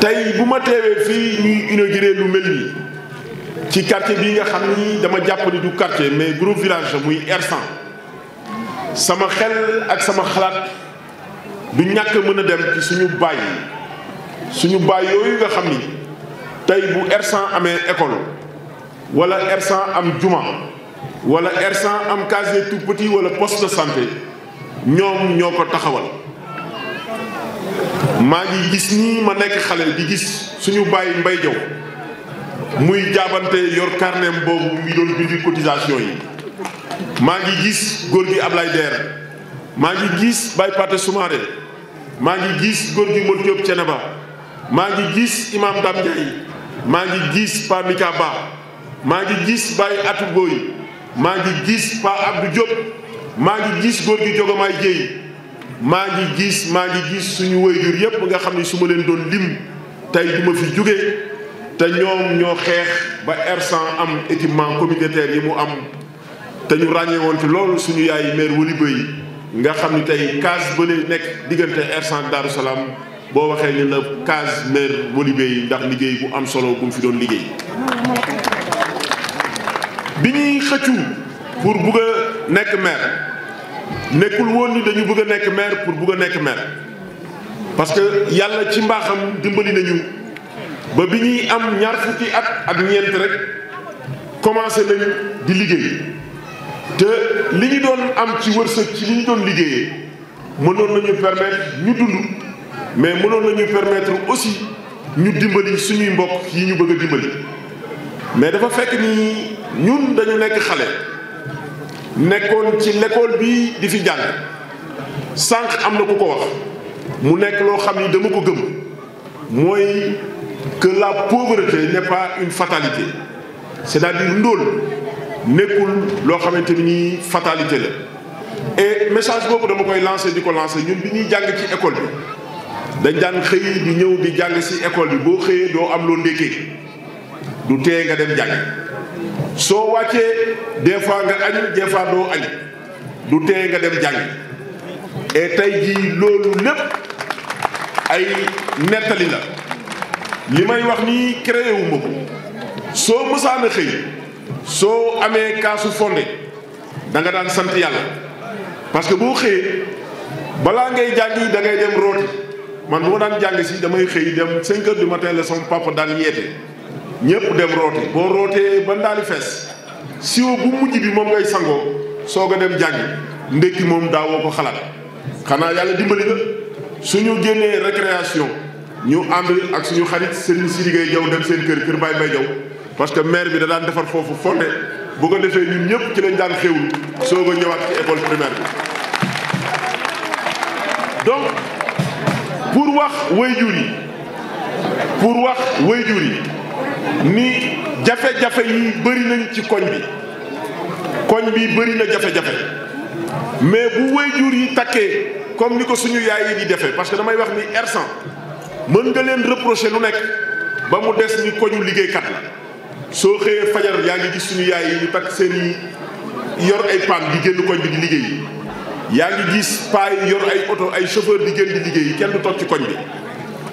tey bu ma teewee fii ñuy inauguré lu mel nii ci quartier bii nga xam ni dama jàpp du quartier mais gros village muy Hersent sama xel ak sama xalaat du ñàkk mën a dem ci suñu baay suñu baay yooyu nga xam ni tey bu Hersent amee école wala Hersent am juma wala Hersent am case des tout-petits wala poste de santé ñoom ñoo ko taxawal maa ngi gis nii ma nekk xale di gis suñu bàyyi mbay jaw muy jaabante yor carnet boobu mu doon bindi cotisation yi maa ngi gis góor gi Ablaye Der maa ngi gis Baye Paté Soumaré maa ngi gis góor gi Modou Ceneba maa ngi gis Imam Dam maa ngi gis Pa Mika Ba maa ngi gis Baye Atou Boy maa ngi gis Pa Abdou Diop maa ngi gis góor gi Jogomaay Jéy maa ngi gis maa ngi gis suñu wayjur yépp nga xam ni su ma leen doon lim tey du ma fi jóge te ñoom ñoo xeex ba r am équipement communautaire yi mu am te ñu ràññee woon ci loolu suñu yaay maire Waly Bey nga xam ni tey case ba nekk diggante R100 boo waxee ni la case maire Waly Bey ndax liggéey bu am solo bu mu fi doon liggéey bi ñuy xëccu pour bugg nekk maire nekkul woon ni dañu bëgg a nekk maire pour bëgg a nekk maire parce que yàlla ci mbaaxam dimbali nañu ba bi ñuy am ñaar fukki at ak ñeent rek commencé nañu di liggéey te li ñu doon am ci wërsëg ci li ñu doon liggéeyee mënoon nañu permettre ñu dund mais mënoon nañu permettre aussi ñu dimbali suñuy mbokk yi ñu bëgg a dimbali mais dafa fekk ni ñun dañu nekk xale. nekkoon ci l'école bi di fi jàng sànq am na ku ko wax mu nekk loo xam ni dama ko gëm mooy que la pauvreté n'est pas une fatalité c'est-à-dire ndóol nekkul loo xamante ni fatalité la e message boobu dama koy lancer di ko lancer ñun bi ñuy jàng ci école bi dañ daan xëy di ñëw di jàng si école bi boo xëyee doo am loo ndékkee du tee nga dem jàng soo wàccee des fois nga añ des fois doo añ du tee nga dem jàng et tey jii loolu lépp ay nettali la li may wax nii créé wu ma ko soo mësaan xëy soo amee kaasu fonde danga daan sant yàlla parce que boo xëyee balaa ngay jàngi da ngay dem rooti man moo daan jàng si damay xëy dem 5 heures ma matin la sama papa daan yeete. ñëpp dem roote boo rootee ba ndaali fees siwo bu mujj bi moom ngay sangoo soog a dem jàngi ndékki moom daawoo ko xalaat xanaa yàlla dimbali na suñu génnee récréation ñu ànd ak suñu xarit Serigne Sidi Gueye Diaw dem seen kër kër Baye Mbaye Diaw parce que maire bi da daan defar foofu fonde bu ko defee nii ñëpp ci lañ daan xéwlu soog a ñëwaat ci école primaire bi donc pour wax wayjur yi pour wax wayjur yi ni jafe-jafe yi bëri nañ ci koñ bi koñ bi bëri na jafe-jafe mais bu waajur yi takkee comme ni ko suñu yaay yi di defee parce que damay wax ni ersan mën nga leen reprocher lu nekk ba mu des ni koñu liggéeykat la soo xëyee fajar yaa ngi gis suñu yaay yi ñu takk seen yor ay paan di génn koñ bi di liggéey yaa ngi gis paa yor ay oto ay chauffeur di génn di liggéey kenn du toog ci koñ bi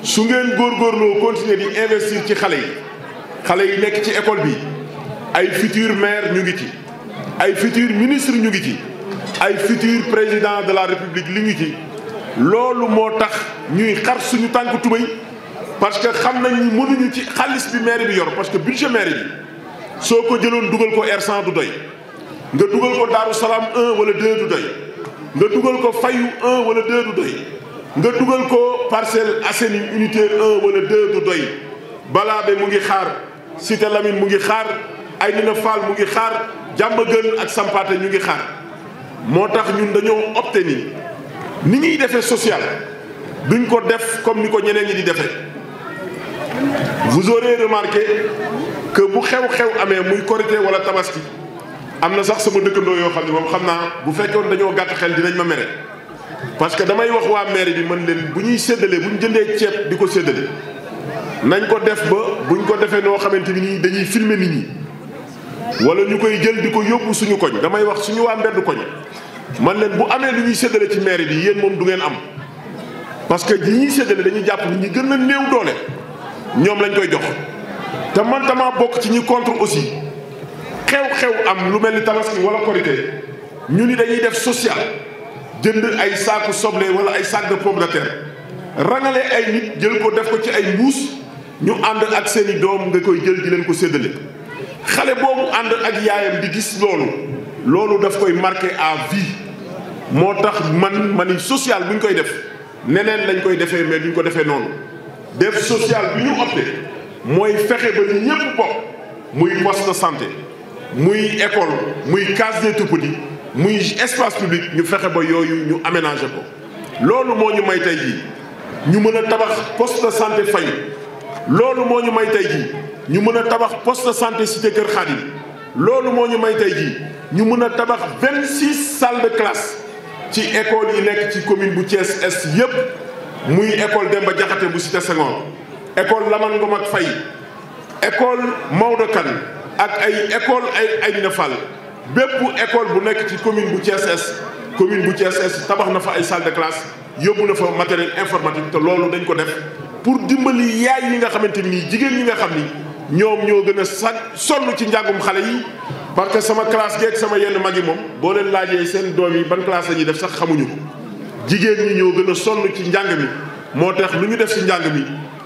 su ngeen góorgóorloo continuer di investir ci xale yi xale yi nekk ci école bi ay futur maire ñu ngi ci ay futur ministre ñu ngi ci ay futur président de la république li ngi ci loolu moo tax ñuy xar suñu tànk tubéy parce que xam nañ ni mënuñu ci xaalis bi maire bi yor parce que budget maire bi soo ko jëloon dugal ko R100 du doy nga dugal ko Daaru Salaam wala de du doy nga dugal ko Fayu wala 2 du doy nga dugal ko parcelle Assainies unité 1 wala 2 du doy Balaabe mu ngi xaar Cité Lamine mu ngi xaar Aïdina Fall mu ngi xaar Diamaguène ak Sampaate ñu ngi xaar moo tax ñun dañoo opté ni ni ñuy defee social duñ ko def comme ni ko ñeneen ñi di defee. vous aurez remarqué que bu xew-xew amee muy korité wala tabaski am na sax sama dëkkandoo yoo xam ne moom xam naa bu fekkoon dañoo gàtt xel dinañ ma mere parce que damay wax waa maire bi mën leen bu ñuy séddalee bu ñu jëndee ceeb di ko séddale. nañ ko def ba bu buñ ko defee noo xamante bi nii dañuy filmer nit ñi wala ñu koy jël di ko yóbbu suñu koñ damay wax suñu waa mbedd koñ man leen bu amee lu ñuy séddale ci mairie bi yéen moom du ngeen am parce que li ñuy séddale dañuy jàpp nit ñu gën a néew doole ñoom lañ koy jox te man dama bokk ci ñi contre aussi xew-xew am lu mel ni tabaski wala korité ñu ni dañuy def social jënd ay saaku soble wala ay sac de pomme de terre rangale ay nit jël ko def ko ci ay mbuus ñu ànd ak seen i doom nga koy jël di leen ko séddale xale boobu ànd ak yaayam di gis loolu loolu daf koy marqué à moo tax man ma ni social bu ñu koy def neneen lañ koy defee mais duñ ko defee noonu def social bi ñu opté mooy fexe ba ñu ñëpp bokk muy poste de santé muy école muy case des tout muy espace public ñu fexe ba yooyu ñu aménagé ko loolu moo ñu may tey jii ñu mën a tabax poste de santé fay loolu moo ñu may tey jii ñu mën a tabax poste de santé cité Kër Khadim loolu moo ñu may tey jii ñu mën a tabax vingt six salles ci école yi nekk ci commune bu Thiès es yépp muy école Demba Diakhaté bu cité Senghor école Lamane Ngom ak Faye école Maodo Kane ak ay ecole ay ay Nafal bépp école bu nekk ci commune bu Thiès Est commune bu Thiès Est tabax na fa ay salle de classe yóbbu na fa matériel informatique te loolu dañ ko def pour dimbali yaay yi nga xamante ni jigéen ñi nga xam ni ñoom ñoo gën a sa sonn ci njàngum xale yi parce que sama classe geeg sama yenn mag yi moom boo leen laajee seen doom yi ban classe la ñuy def sax xamuñu ko jigéen ñi ñoo gën a sonn ci njàng mi moo tax lu ñu def si njàng mi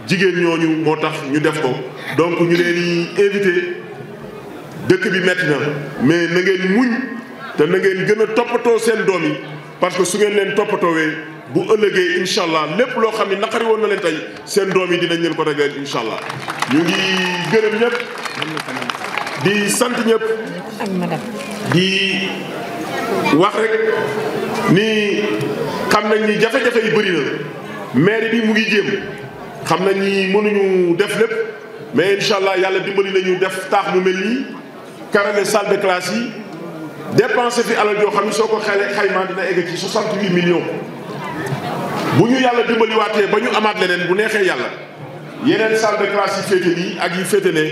jigéen ñooñu moo tax ñu def ko donc ñu leen di invité dëkk bi metti na mais na ngeen muñ te na ngeen gën a toppatoo seen doom yi parce que su ngeen leen toppatoowee bu ëllëgee incha allah lépp loo xam ne naqari woon na leen tey seen doom yi dinañ leen ko réglé incha allah ñu ngi gërëm ñëpp di sant ñëpp di wax rek ni xam nañ ni jafe-jafe yi bëri na bi mu ngi jéem xam nañ ni mënuñu def lépp mais incha yàlla dimbali nañu def taax mu mel nii carrelé salle de classe yi dépensé fi alal joo xam ne soo ko xale xaymaa dina egg ci 68 millions bu ñu yàlla dimbaliwaatee ba ñu amaat leneen bu neexee yàlla yeneen salle de classe yi féete nii ak yi féete ne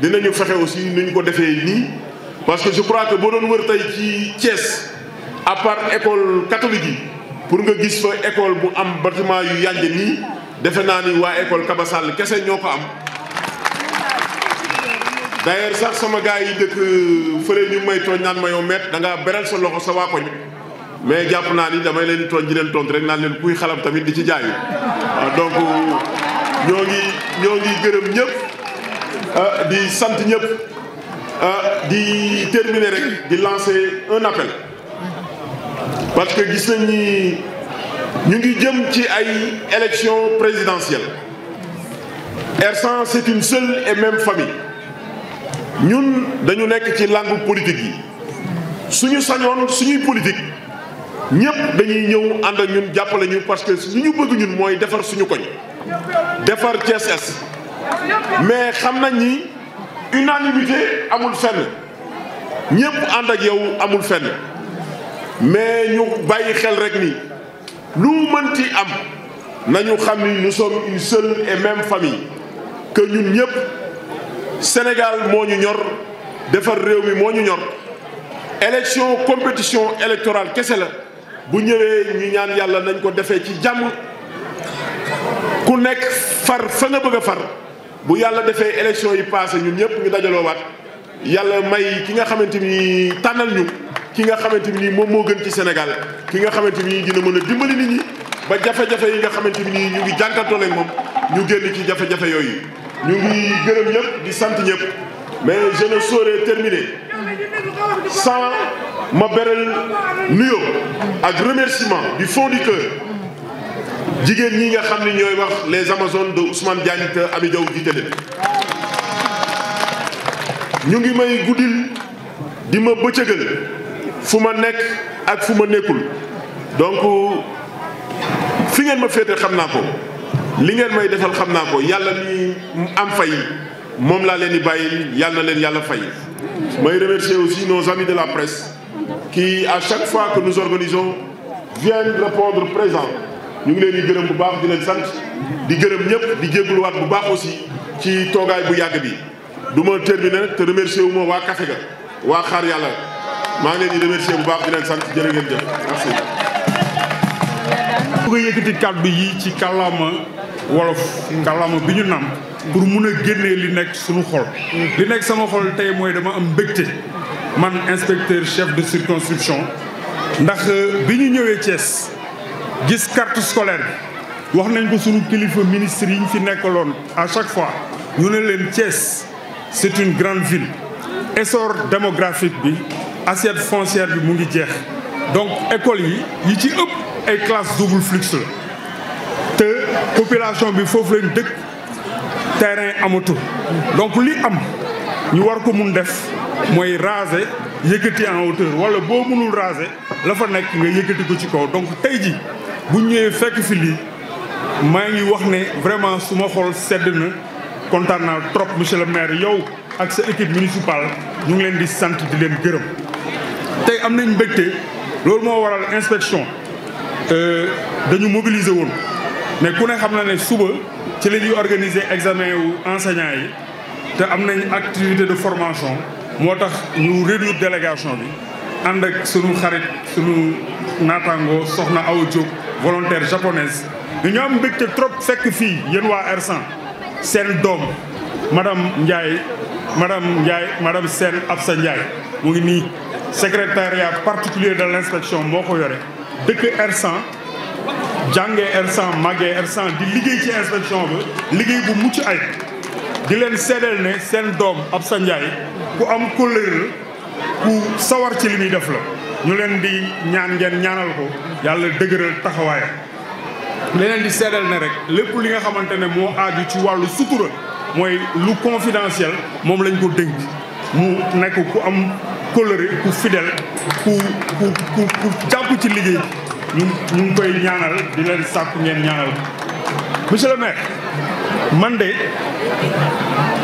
dinañu fexe aussi nu ñu ko defee nii parce que je crois boo doon wër tey ci Thiès à part école catholique yi pour nga gis fa école bu am bâtiment yu yànj nii defe naa ni waa école Kaba Sall kese ñoo ko am d'ailleurs sax sama gaa yi dëkk fële ñu may tooñ naan ma met da ngaa beral sa loxo sa waa koñ mais jàpp naa ni damay leen tooñ ji leen tontu rek naan leen kuy xalam tamit di ci jaayu ah, donc ñoo ngi ñoo ngi gërëm ñëpp ah, di sant ñëpp ah, di terminer rek di lancer un appel parce que gis nañ ni ñu ngi jëm ci ay élections présidentielles Hersent c'est une seule et même famille ñun dañu nekk ci langue politique yi suñu sañoon suñuy politique ñëpp dañuy ñëw ànd ak ñun jàppale ñu parce que li ñu bëgg ñun mooy defar suñu koñ defar Thiès mais xam nañ ni unanimité amul fenn ñëpp ànd ak yow amul fenn mais ñu bàyyi xel rek ni lu mënti am nañu xam ni nous sommes une seule et même famille que ñun ñëpp Sénégal moo ñu ñor defar réew mi moo ñu ñor élection compétition électoral kese la bu ñëwee ñu ñaan yàlla nañ ko defee ci jàmm ku nekk far fa nga bëgg far bu yàlla defee élection yi passé ñun ñëpp ñu dajaloo waat yàlla may ki nga xamante ni tànnal ñu ki nga xamante ni moom moo gën ci Sénégal ki nga xamante nii dina mën a dimbali nit ñi ba jafe-jafe yi nga xamante ni ñu ngi jànkantoo leen moom ñu génn ci jafe-jafe yooyu ñu ngi gërëm ñëpp di sant ñëpp mais je ne terminer sans ma beral nuyoo ak remerciement bi fond du jigéen ñi nga xam ne ñooy wax les amazones de Ousmane Diagne te Ami Diaw jiite leen ñu ngi may guddil di ma bëccëgal fu ma nekk ak fu ma nekkul donc fi ngeen ma féete xam naa ko li ngeen may defal xam naa ko yàlla ni am fay moom laa leen di bàyyil yàlla leen yàlla fay may remercier aussi nos amis de la presse qui à chaque fois que nous organisons viennent répondre présent ñu ngi leen di gërëm bu baax di leen sant di gërëm ñëpp di jégaluwaat bu baax aussi ci toogaay bu yàgg bi du ma terminer te remercier wu ma waa café ga waa xaar yàlla maa ngi leen di bu baax di leen sant jërë ngeen jëf merci. bu nga yëkkati kàddu yi ci kàllaama wolof kàllaama bi ñu nam pour mun a génnee li nekk suñu xol li nekk sama xol tey mooy dama am mbégte man inspecteur chef de circonscription ndax euh, bi ñu ñëwee Thiès gis carte scolaire bi wax nañ ko sunu kilifa ministre yi ñu fi nekkaloon à chaque fois ñu ne leen Thiès c'est une grande ville essor démographique bi assiette foncière bi mu ngi jeex donc école yi yi ci ëpp ay classe double flux la te population bi foofu lañ dëkk terrain amatu donc li am ñu war ko mun def mooy raser yëkkati en hauteur wala boo mënul raser la fa nekk nga yëkkati ko ci kaw donc tey ji bu ñëwee fekk fi lii maa ngi wax ne vraiment su ma xool sedd na kontaan naa trop monsieur le maire yow ak sa équipe municipale ñu ngi leen di sant di leen gërëm tey am nañ mbégte loolu moo waral inspection euh, dañu mobiliser woon mais ku ne xam na ne suba ci la ñuy organiser examen wu enseignants yi te am nañ activité de formation moo tax ñu réduire délégation bi ànd ak sunu xarit sunu naataango soxna Awa Diop volontaire japonaise dañu am mbégte trop fekk fii yéen waa r seen doom madame Ndiaye madame Ndiaye madame Sène Absa Ndiaye mu ngi nii secrétariat particulier de l'inspection moo ko yore dëkk R100 jànge R100 màgge di liggéey ci inspection bi liggéey bu mucc ay di leen seedeel ne seen doom Absa Ndiaye ku am kóllëre ku sawar ci li muy def la ñu leen di ñaan ngeen ñaanal ko yàlla dëgëral taxawaayam leneen di seddal ne rek lépp li nga xamante ne moo aaju ci wàllu sutura mooy lu confidenciel moom lañ ko dénk mu nekk ku am kóllëre ku fidèle ku ku ku ku ci liggéey ñu ñu ngi koy ñaanal di leen sàkku ngeen ñaanal monsieur maire man de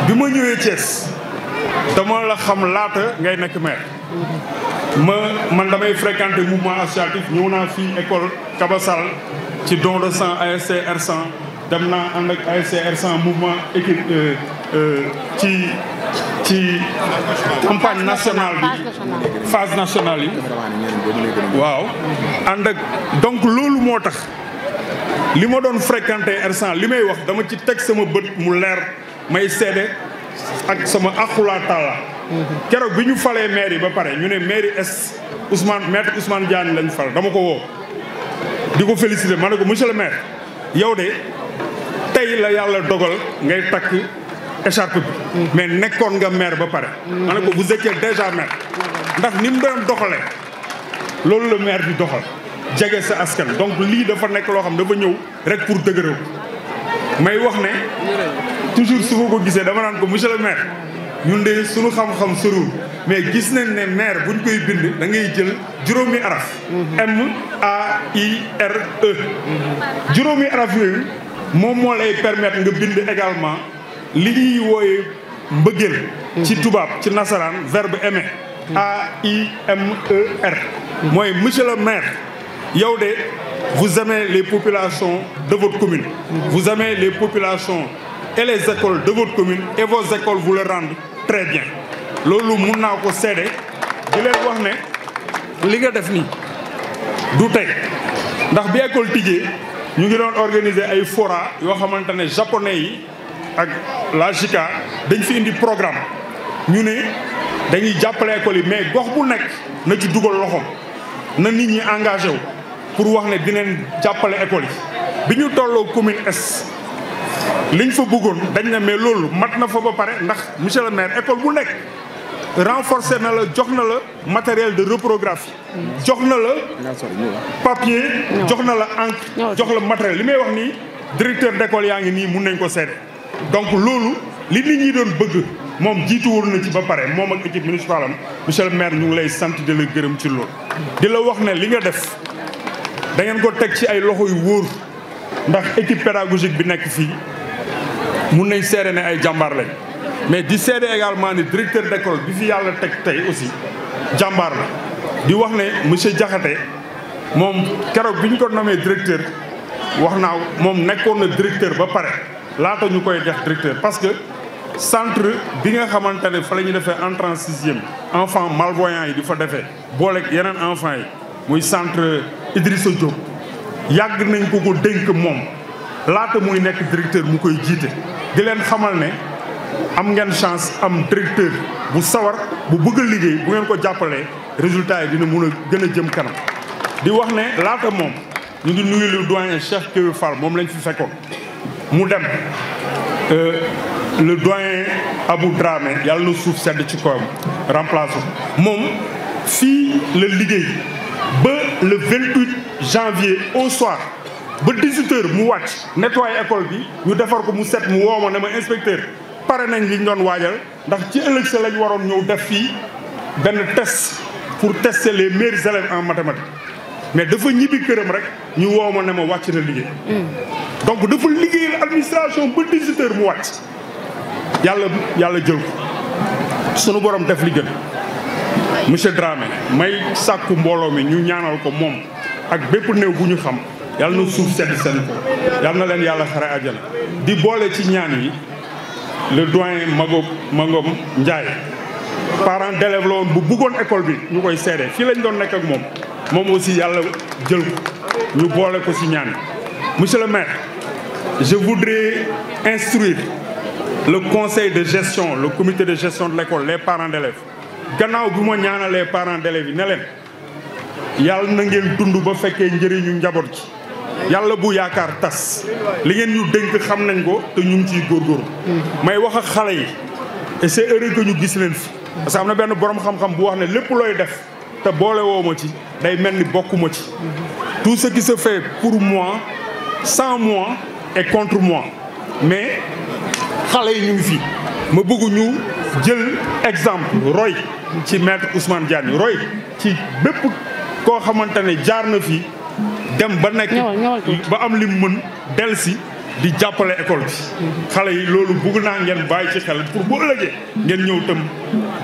bi ma ñëwee Thiès dama la xam laata ngay nekk maire ma man damay fréquenté mouvement associatif ñëw naa fi école Kabasal ci don de sang ASC R100 dem naa ànd ak ASC R100 mouvement équipe euh, euh, ci ci campagne nationale bi phase nationale yi waaw ànd ak donc loolu moo tax li ma doon fréquenté R100 li may wax dama ci teg sama bët mu leer may seede ak sama aqulaa taala bi ñu falee maire yi ba pare ñu ne maire est Ousmane maître Ousmane Diagne lañ fal dama ko woo di ko féliciter ma ne ko le maire yow de tey la yàlla dogal ngay takk écharpe bi mais nekkoon nga mair ba pare ma bu ko vous étiez déjà maire ndax ni mu doon doxale loolu la maire bi doxal jege sa askan donc lii dafa nekk loo xam dafa ñëw rek pour dëgërëw may wax ne toujours su ma ko gisee dama naan ko monsieur le ñun de suñu xam-xam soriwul mais gis nañ ne maire buñ koy bind da ngay jël juróomi araf. Mhm. M A I R E. juróomi araf yooyu moom moo lay permettre nga bind également li ñuy wooye mbëggeel. ci mhm. tubaab ci nasaraan verbe aimer. Mhm. A I M E R. mooy monsieur le maire yow de vous aimez les populations de votre commune. vous aimez les populations. et les écoles de votre commune et vos écoles vous le rendent très bien loolu mun naa ko seede di leen wax ne li nga def nii du teg ndax bi école tijjee ñu ngi doon organiser ay fora yoo xamante ne japonais yi ak la JICA dañ fi indi programme ñu ne dañuy jàppale école yi mais gox bu nekk na ci dugal loxoom na nit ñi engagé wu pour wax ne dinañ jàppale école yi bi ñu tolloo commune est liñ fa bëggoon dañ ne mais loolu mat na fa ba pare ndax monsieur le maire école bu nekk renforcer na la jox na la matériel de reprographie jox na la papier jox na la encre jox la matériel li may wax nii directeur d'école yaa ngi nii mun nañ ko seede donc loolu li nit ñuy doon bëgg moom jiitu woon na ci ba pare moom ak équipe municipale am monsieur le maire ñu ngi lay sant di la gërëm ci loolu di la wax ne li nga def da ngeen ko teg ci ay loxo yu wóor ndax équipe pédagogique bi nekk fii mun nañ seede ne ay jàmbaar lañ mais di seede également ni directeur d'école bi fi yàlla teg tey aussi jàmbaar la di wax ne monsieur Diakhaté moom keroog bi ñu ko nommé directeur wax naa moom nekkoon na directeur ba pare laata ñu koy def directeur parce que centre bi nga xamante ne fa la ñu defee entrée en sixième enfant malvoyant yi di fa defee booleeg yeneen enfant yi muy centre Idrissa Diop yàgg nañ ko ko dénk moom laata muy nekk directeur mu koy jiite di leen xamal ne am ngeen chance am directeur bu sawar bu bëgg liggéey bu ngeen ko jàppale résultat yi dina mun a gën a jëm kanam di wax ne laata moom ñu ngi nuyu lu doyen Cheikh Kéwé moom lañ fi fekkoon mu dem euh, le doyen Abou Dramé yàlla nu suuf sedd ci kawam remplacé moom fii la liggéey ba le 28 janvier au soir ba 18 heures mu wàcc nettoyer école bi ñu defar ko mu set mu woo ma ne ma inspecteur pare nañ li ñu doon waajal ndax ci ëllëg sa lañ waroon ñëw def fii benn test pour tester les meilleurs élèves en mathématiques mais dafa ñibbi këram rek ñu woo ma ne ma wàcc na liggéey. Hmm. donc dafa liggéeyal administration ba 18 mu wàcc yàlla yàlla jël ko sunu borom def li monsieur Dramé may sàkku mbooloo mi ñu ñaanal ko moom ak bépp néew bu ñu xam. yàlla na suuf sedd seen ko yàlla na leen yàlla xare àjjana di boole ci ñaan yi le doyen Mago Mangom Ndiaye parent d'élève la woon bu buggoon école bi ñu koy seede fii lañ doon nekk ak moom moom aussi yàlla jël ko ñu boole ko ci ñaan monsieur le maire je voudrais instruire le conseil de gestion le comité de gestion de l'école les parents d'élèves gannaaw bi ma ñaanalee parents d'élèves yi ne leen yàlla na ngeen dund ba fekkee njëriñu njaboot ji yàlla bu yaakaar tas li ngeen ñu dénk xam nañ ko te ñu ngi ciy góor may wax ak xale yi et c'est ñu gis leen fi parce que na benn borom xam-xam bu wax ne lépp looy def te boole woo ma ci day mel ni bokkuma ci tout sa qui se pour mois cent moi et contre moi mais xale yi ñu ngi fi ma bëgg ñu jël exemple roy ci maître Ousmane Diagne roy ci bépp koo xamante ne jaar na fii dem ba nekk ba am li mu mën del si di jàppale école bi xale yi loolu bugg naa ngeen bàyyi ci xel pour bu ëllëgee ngeen ñëw tam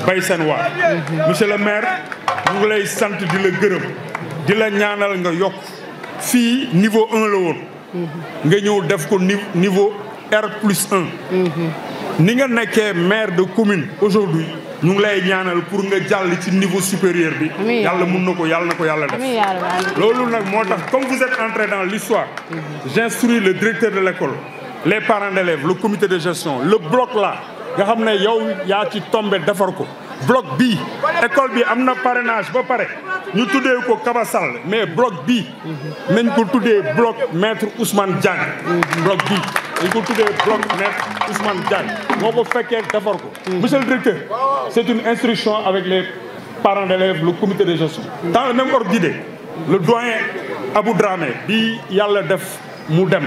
bay seen waar monsieur le maire ñu lay sant di la gërëm di la ñaanal nga yokk fii niveau un la woon nga ñëw def ko niveau R plus un mhm. ni nga nekkee maire de commune aujourd'hui ñu ngi lay ñaanal pour nga jàll ci niveau supérieur bi yàlla mun na ko yàlla na ko yàlla def loolu nag moo tax comme vous êtes entré dans l'histoire mhm. j'instruis le directeur de l'école les parents d'élèves le comité de gestion le bloc là nga xam ne yow yaa ci tombe defar ko bloc bi école bi am na parrainage ba pare ñu tuddee ko Kaba Sall mais bloc bii mhm. nañ ko tuddee bloc maître Ousmane Diagne mhm. bloc dañ ko tuddee bloc maître Ousmane Diagne moo ko fekkee defar ko monsieur le directeur c'est une instruction avec les parents d'élèves le comité de gestion dans le même ordre d'idée le doyen Abou Dramé bi yàlla def mu dem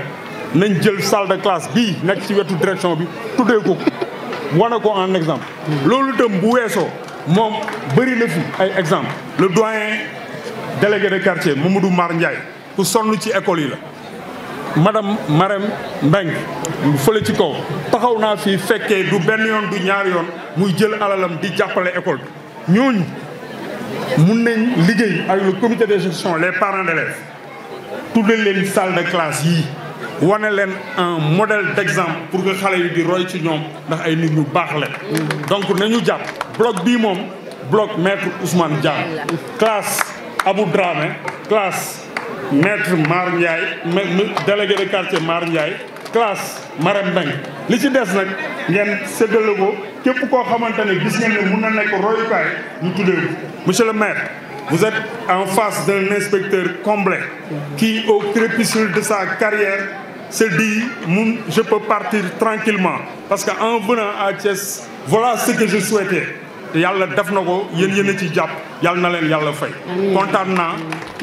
nañ jël salle de classe bii nekk ci wetu direction bi tuddee ko wane ko en exemple loolu dem bu weesoo moom bëri na fi ay exemple le doyen délégué de quartier Mamadou Mar Ndiaye ku sonn ci école yi la madame Marème Mbengue fële ci kaw taxaw naa fii fekkee du benn yoon du ñaar yoon muy jël alalam di jàppale école bi ñooñu mun nañ liggéey ak le comité de gestion les parents d'élèves tuddal leen salle de classe yi wane leen un modèle d'exemple pour que xale yi di roy ci ñoom ndax ay nit ñu baax la donc nañu jàpp bloc bii moom bloc maitre Ousmane Diagne classe Abou Dramé classe maître Mar Ndiaye délégué de quartier Mar Ndiaye classe Marème li ci des nag ngeen séddale ko képp koo xamante ne gis ngeen ne mun na nekk royukaay ñu tuddee ko monsieur le maire vous êtes en face d'un inspecteur comblé qui au crépuscule de sa carrière se dit mun je peux partir tranquillement parce que en venant à Thiès voilà ce que je souhaitais te yàlla def na ko yéen yéen a ci jàpp yàlla na leen yàlla fay kontaan naa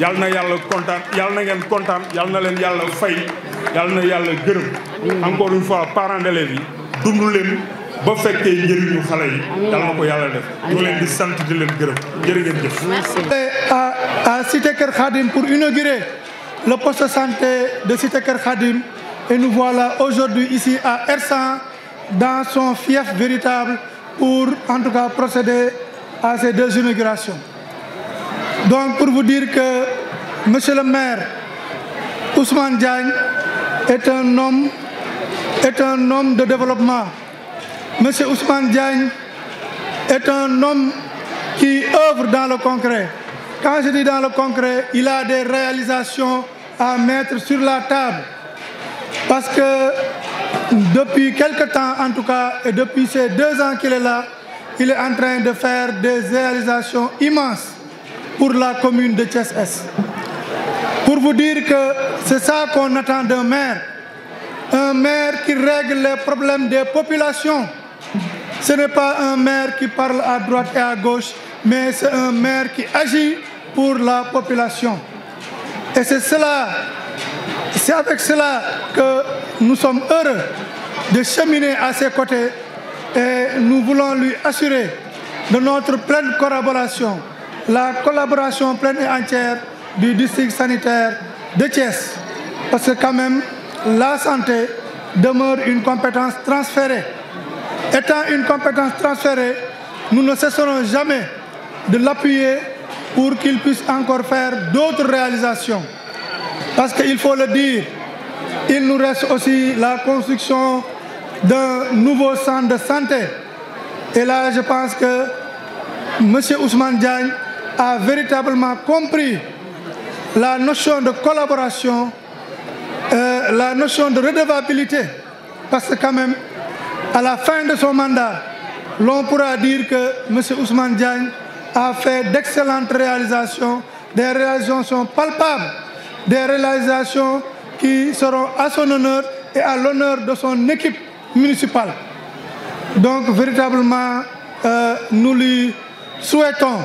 yàlla na yàlla kontaan yàlla na ngeen kontaan na leen yàlla fay yàlla na yàlla gërëm encore une fois parents d'élèves yi dund leen ba fekkee njëriñu xale yi yàlla na ko yàlla def ñu leen di sant di leen gërëm jërë ngeen jëf à Cité Kër Khadim pour inaugurer le poste de santé de Cité Kër Khadim et nous voilà aujourd'hui ici à Ersan dans son fief véritable pour en tout cas procéder à ces deux inaugurations. Donc pour vous dire que monsieur le maire Ousmane Diagne est un homme est un homme de développement. Monsieur Ousmane Diagne est un homme qui œuvre dans le concret. Quand je dis dans le concret, il a des réalisations à mettre sur la table parce que Depuis quelque temps en tout cas, et depuis ces deux ans qu'il est là, il est en train de faire des réalisations immenses pour la commune de Thiès-Est. Pour vous dire que c'est ça qu'on attend d'un maire. Un maire qui règle les problèmes des populations. Ce n'est pas un maire qui parle à droite et à gauche, mais c'est un maire qui agit pour la population. Et c'est avec cela que Nous sommes heureux de cheminer à ses côtés et nous voulons lui assurer de notre pleine collaboration, la collaboration pleine et entière du district sanitaire de Thiès. Parce que quand même, la santé demeure une compétence transférée. Étant une compétence transférée, nous ne cesserons jamais de l'appuyer pour qu'il puisse encore faire d'autres réalisations. Parce qu'il faut le dire, Il nous reste aussi la construction d'un nouveau centre de santé. Et là, je pense que M. Ousmane Diagne a véritablement compris la notion de collaboration, euh, la notion de redevabilité. Parce que quand même, à la fin de son mandat, l'on pourra dire que M. Ousmane Diagne a fait d'excellentes réalisations. Des réalisations sont palpables, des réalisations qui seront à son honneur et à l'honneur de son équipe municipale. Donc véritablement, euh, nous lui souhaitons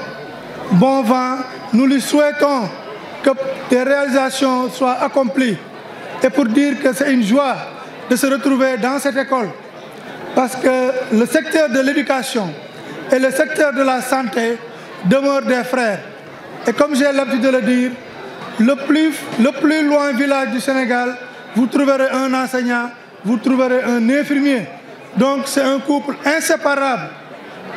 bon vent, nous lui souhaitons que des réalisations soient accomplies. pour dire que c'est une joie de se retrouver dans cette école, parce que le secteur de l'éducation et le secteur de la santé demeurent des frères. Et comme j'ai l'habitude de le dire, le plus le plus loin village du Sénégal vous trouverez un enseignant vous trouverez un infirmier donc c'est un couple inséparable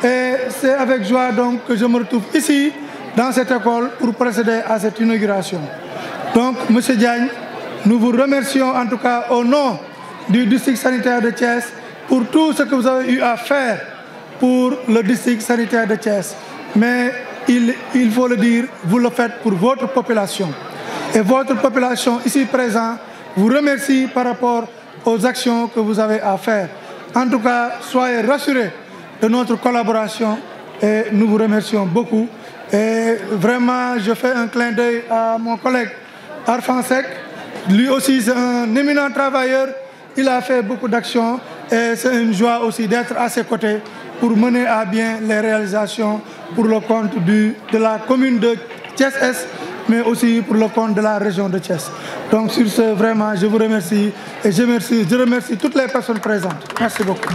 et c'est avec joie donc que je me retrouve ici dans cette école pour procéder à cette inauguration donc monsieur Diagne nous vous remercions en tout cas au nom du district sanitaire de Thiès pour tout ce que vous avez eu à faire pour le district sanitaire de Thiès mais il il faut le dire vous le faites pour votre population et votre population ici présente vous remercie par rapport aux actions que vous avez à faire. En tout cas, soyez rassurés de notre collaboration et nous vous remercions beaucoup. Et vraiment, je fais un clin d'œil à mon collègue Arfansek. Lui aussi, c'est un éminent travailleur. Il a fait beaucoup d'actions et c'est une joie aussi d'être à ses côtés pour mener à bien les réalisations pour le compte du, de la commune de thiès mais aussi pour le compte de la région de Thiès. Donc sur ce, vraiment, je vous remercie et je remercie, je remercie toutes les personnes présentes. Merci beaucoup.